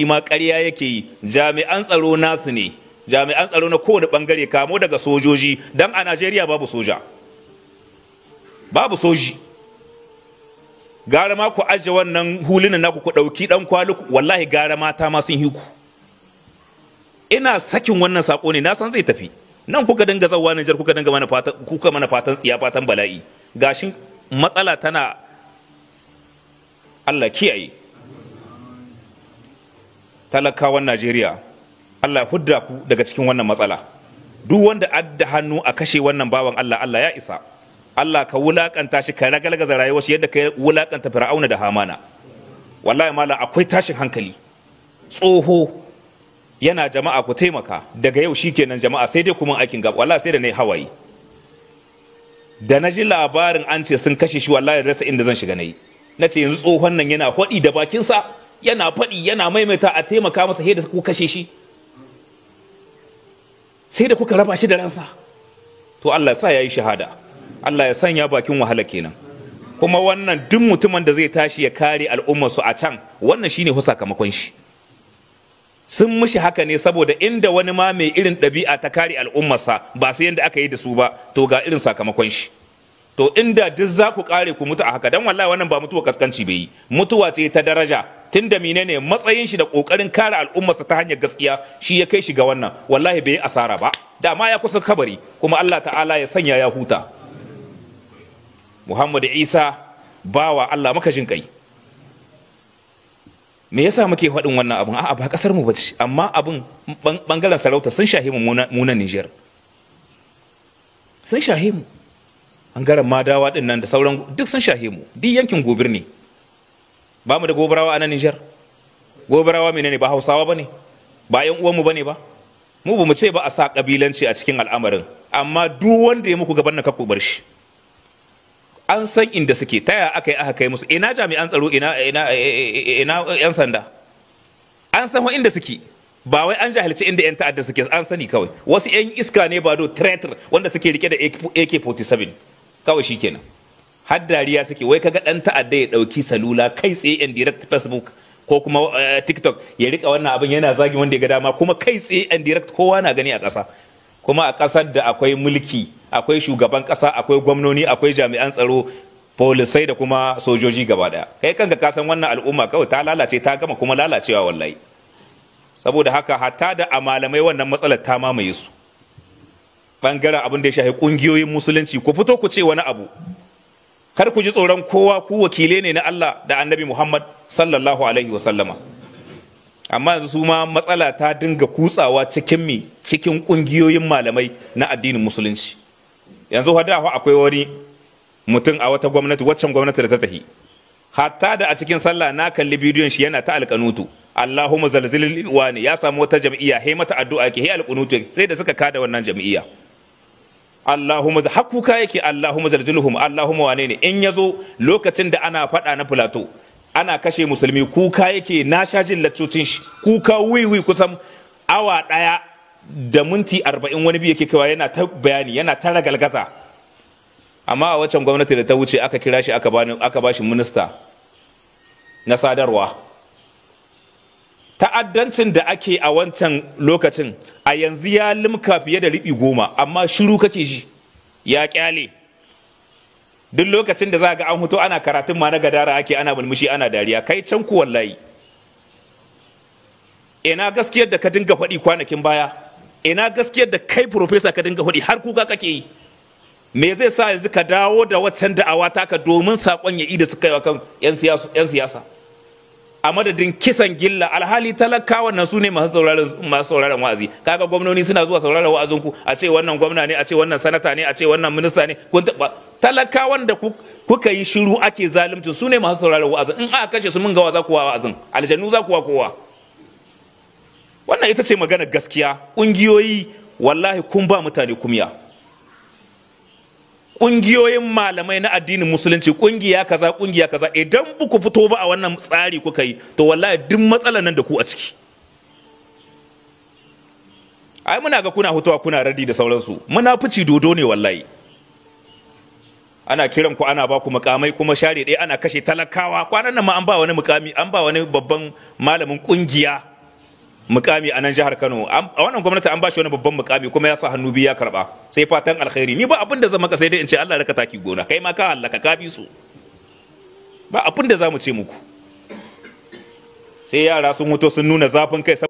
ima ƙarya yake yi jami'an tsaro nasu ne jami'an tsaro na kowane bangare kamo daga sojoji don a najeriya babu soja babu soji gara ma ku ajiye wannan hulina naku ku ɗauki ɗan kwalu wallahi gara mata ma sun hiku ina sakin wannan sako ne na san zai tafi nan kuka dinga zawa Nijar kuka dinga kuka mana fatan tsiya fatan bala'i gashin matsala tana Allah kiyaye talakawan najeriya allah hudda ku daga cikin wannan matsala duk wanda adda hannu a kashe wannan bawan allah allah ya isa allah ka wulakanta shi ka ragalgaza rayuwar shi yadda ka wulakanta fir'auna da hamana wallahi mala akwai tashin hankali tsoho yana jama'a ku taimaka daga yau shikenan jama'a sai dai kuma aikin gaba wallahi sai da nayi hawaye da na ji labarin an ce sun kashe shi wallahi rasa inda zan shiga nayi na ce yanzu tsohon nan yana hodi da bakinsa yana faɗi yana maimaita a taimaka masa sai da ku kashe shi sai da kuka raba shi da ransa to Allah sa ya yi shahada Allah ya sanya bakin wahala kenan kuma wannan duk mutumin da zai tashi ya kare al'ummarsu a can wannan shine fa sakamakon shi sun mishi haka ne saboda inda wani ma mai irin ɗabi'a ta kare al'ummarsa ba sai yadda aka yi da su ba to ga irin sakamakon shi to inda duk za ku kare ku mutu a haka dan wallahi wannan ba mutuwa kaskanci bai yi mutuwa ce ta daraja tun da menene matsayin shi da kokarin kare al'ummarsa ta hanyar gaskiya shi ya kai shi ga wannan wallahi bai asara ba dama ya kusa kabari kuma Allah ta'ala ya sanya ya huta Muhammad Isa bawa Allah maka jin kai me yasa muke faɗin wannan abun a'a ba kasar mu bace amma abun bangaren sarauta sun shahi mu munan Niger sun shahi mu bangaren madawa din nan da sauran duk sun shahi mu duk yankin gobir ne ba mu da gobarawa a nan Nijar gobarawa menene ba Hausawa bane ba yan mu bane ba mu ba mu ce ba a sa kabilanci a cikin al'amarin amma duk wanda ya muku gaban na kakku bar shi an san inda suke taya aka yi aka kai musu ina jami'an tsaro ina ina eh, eh, ina yan sanda an san wa inda suke ba wai an jahilci inda 'yan ta'adda suke an sani kawai wasu 'yan iska ne ba do traitor wanda suke rike da ak-47 kawai shikenan har dariya suke wai kaga dan ta'adda ya dauki salula kai tsaye in direct facebook ko kuma eh, tiktok ya rika wannan abin yana zagi wanda ya ga dama kuma kai tsaye in direct kowa na gani a ƙasa kuma a ƙasar da akwai mulki akwai shugaban ƙasa akwai gwamnoni akwai jami'an tsaro polisai da kuma sojoji gaba daya kai kanka ka san wannan al'umma kawai ta lalace ta gama kuma lalacewa wallahi saboda haka hatta da a malamai wannan matsalar ta mamaye su bangaren abin da ya shafi kungiyoyin musulunci ku fito ku ce wani abu kar ku ji tsoron kowa ku wakile ne na Allah da annabi Muhammad sallallahu alaihi wasallama amma yanzu su ma matsala ta dinga kutsawa cikin mi cikin kungiyoyin malamai na addinin musulunci yanzu hada akwai wani mutum a wata gwamnati waccan gwamnati da ta tafi hatta da a cikin sallah na kalli bidiyon shi yana ta alƙanutu Allahumma zalzilil wani ya samu wata jam'iyya he mata addu'a ke he alƙunutu sai da suka kada wannan jam'iyya Allahumma za hakuka yake Allahumma zalzulhum Allahumma wane ne in yazo lokacin da ana fada na filato ana kashe musulmi kuka yake na sha jin laccocin shi kuka wiwi kusan awa daya da minti arba'in wani bi yake kawa yana ta bayani yana ta ragalgaza amma a waccan gwamnati da ta wuce aka kira shi aka ba shi minista na sadarwa ta'addancin da ake a wancan lokacin a yanzu ya limka fiye da riɓi goma amma shiru kake shi ya kyale duk lokacin da za ga an hoto ana karatun ma na gadara ake ana mulmushi ana dariya kai can ku wallahi ina gaskiyar da ka dinga faɗi kwanakin baya ina gaskiyar da kai profesa ka dinga faɗi har kuka kake yi me zai sa yanzu ka dawo da waccan da'awa taka domin saƙon ya da suka kaiwa kan 'yan siyasa a madadin kisan gilla alhali talakawa nan su ne masu sauraron wa'azi kaga gwamnoni suna zuwa sauraron wa'azinku? a ce wannan gwamna ne a ce wannan sanata ne a ce wannan minista ne kun taba talakawan da kuka yi shiru ake zaluncin su ne masu sauraron wa'azin in aka kashe su mun ga za ku wa wa'azin aljannu za ku wa kowa wannan ita ce magana gaskiya ƙungiyoyi wallahi kun ba mutane kumya kungiyoyin malamai na addinin musulunci kungiya kaza kungiya kaza idan buku fito ba a wannan tsari kuka yi to wallahi duk matsalan nan da ku a ciki ai muna ga kuna hutuwa kuna radi da sauransu muna fici dodo ne wallahi ana kiran ku ana ba ku mukamai kuma share ɗaya ana kashe talakawa kwanan nan ma an ba wani mukami an ba wani babban malamin kungiya mukami a nan jihar Kano a wannan gwamnati an ba shi wani babban mukami kuma ya sa hannu biyu ya karba sai fatan alkhairi ni ba abin da zan maka sai dai in ce Allah raka taki gona kai ma ka hallaka ka bi su ba abin da za mu ce muku sai yara sun mutu sun nuna zafin kai